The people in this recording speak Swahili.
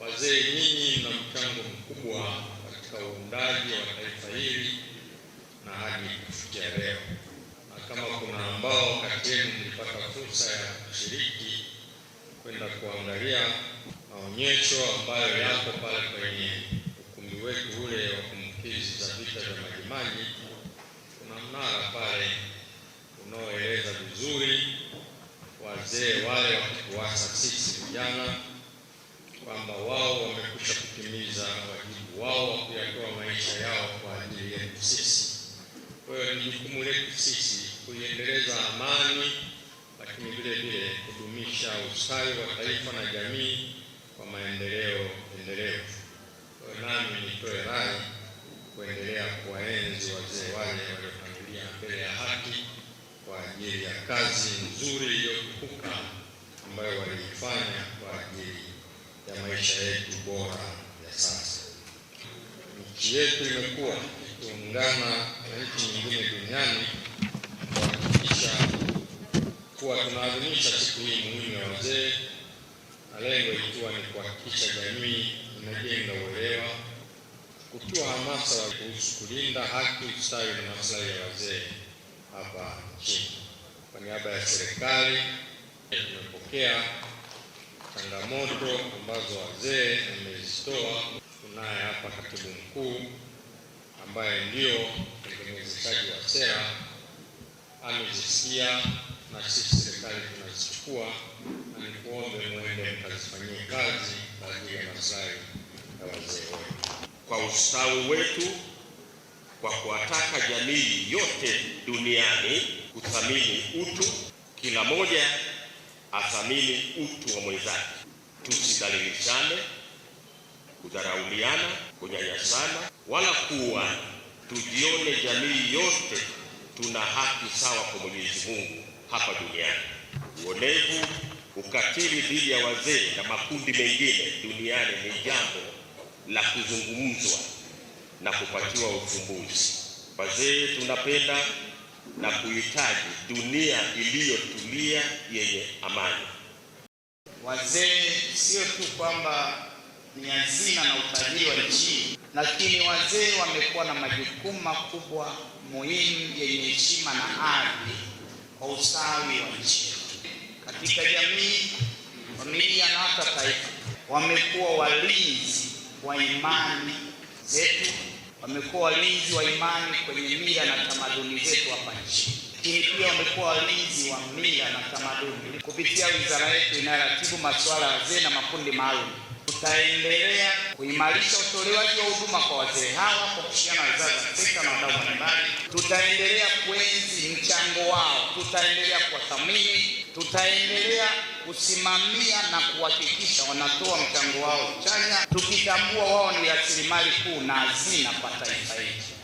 Wazee nyinyi mna mchango mkubwa katika uundaji wa taifa hili na hadi kufikia leo, na kama kuna ambao kati yenu mlipata fursa ya kushiriki kwenda kuangalia maonyesho ambayo yako pale kwenye ukumbi wetu ule wa kumbukizi za vita vya Majimaji, kuna mnara pale unaoeleza vizuri wazee wale wakituasa sisi vijana kwamba wao wamekwisha kutimiza wajibu wao wa kuyatoa maisha yao kwa ajili yetu sisi. Kwa hiyo ni jukumu letu sisi kuiendeleza amani, lakini vile vile kudumisha ustawi wa taifa na jamii kwa maendeleo endelevu. Kwa hiyo nami nitoe rai kuendelea kuwaenzi wazee wale waliotangulia mbele ya haki kwa ajili ya kazi nzuri ya maisha yetu bora ya sasa. Nchi yetu imekuwa ikiungana na nchi nyingine duniani kuhakikisha kuwa tunaadhimisha siku hii muhimu ya wazee, na lengo ikiwa ni kuhakikisha jamii inajenga uelewa, kutoa hamasa kuhusu kulinda haki, ustawi na maslahi ya wazee hapa nchini. Kwa niaba ya serikali tumepokea changamoto ambazo wazee wamezitoa. Tunaye hapa katibu mkuu ambaye ndio mtengenezaji wa sera, amezisikia na sisi serikali tunazichukua, na nikuombe mwende mkazifanyie kazi kwa ajili ya maslahi ya wazee wetu, kwa ustawi wetu, kwa kuwataka jamii yote duniani kuthamini utu kila moja athamini utu wa mwenzake. Tusidhalilishane, kudharauliana, kunyanyasana wala kuwa, tujione jamii yote tuna haki sawa kwa Mwenyezi Mungu hapa duniani. Uonevu, ukatili dhidi ya wazee na makundi mengine duniani ni jambo la kuzungumzwa na kupatiwa ufumbuzi. Wazee tunapenda na kuhitaji dunia iliyotulia yenye amani. Wazee sio tu kwamba ni hazina na utajiri wa nchi, lakini wazee wamekuwa na majukumu makubwa muhimu yenye heshima na ardhi kwa ustawi wa nchi katika jamii, familia na hata taifa. Wamekuwa walinzi wa imani zetu wamekuwa walinzi wa imani kwenye mila na tamaduni zetu hapa nchini, lakini pia wamekuwa walinzi wa mila na tamaduni kupitia wizara yetu inayoratibu masuala ya wazee na makundi maalum. Tutaendelea kuimarisha utolewaji wa huduma kwa wazee hawa kwa kushirikiana na wizara za sekta na wadau mbalimbali. Tutaendelea kuenzi mchango wao, tutaendelea kuwathamini, tutaendelea kusimamia na kuhakikisha wanatoa mchango wao chanya, tukitambua wao ni rasilimali kuu na hazina kwa taifa hili.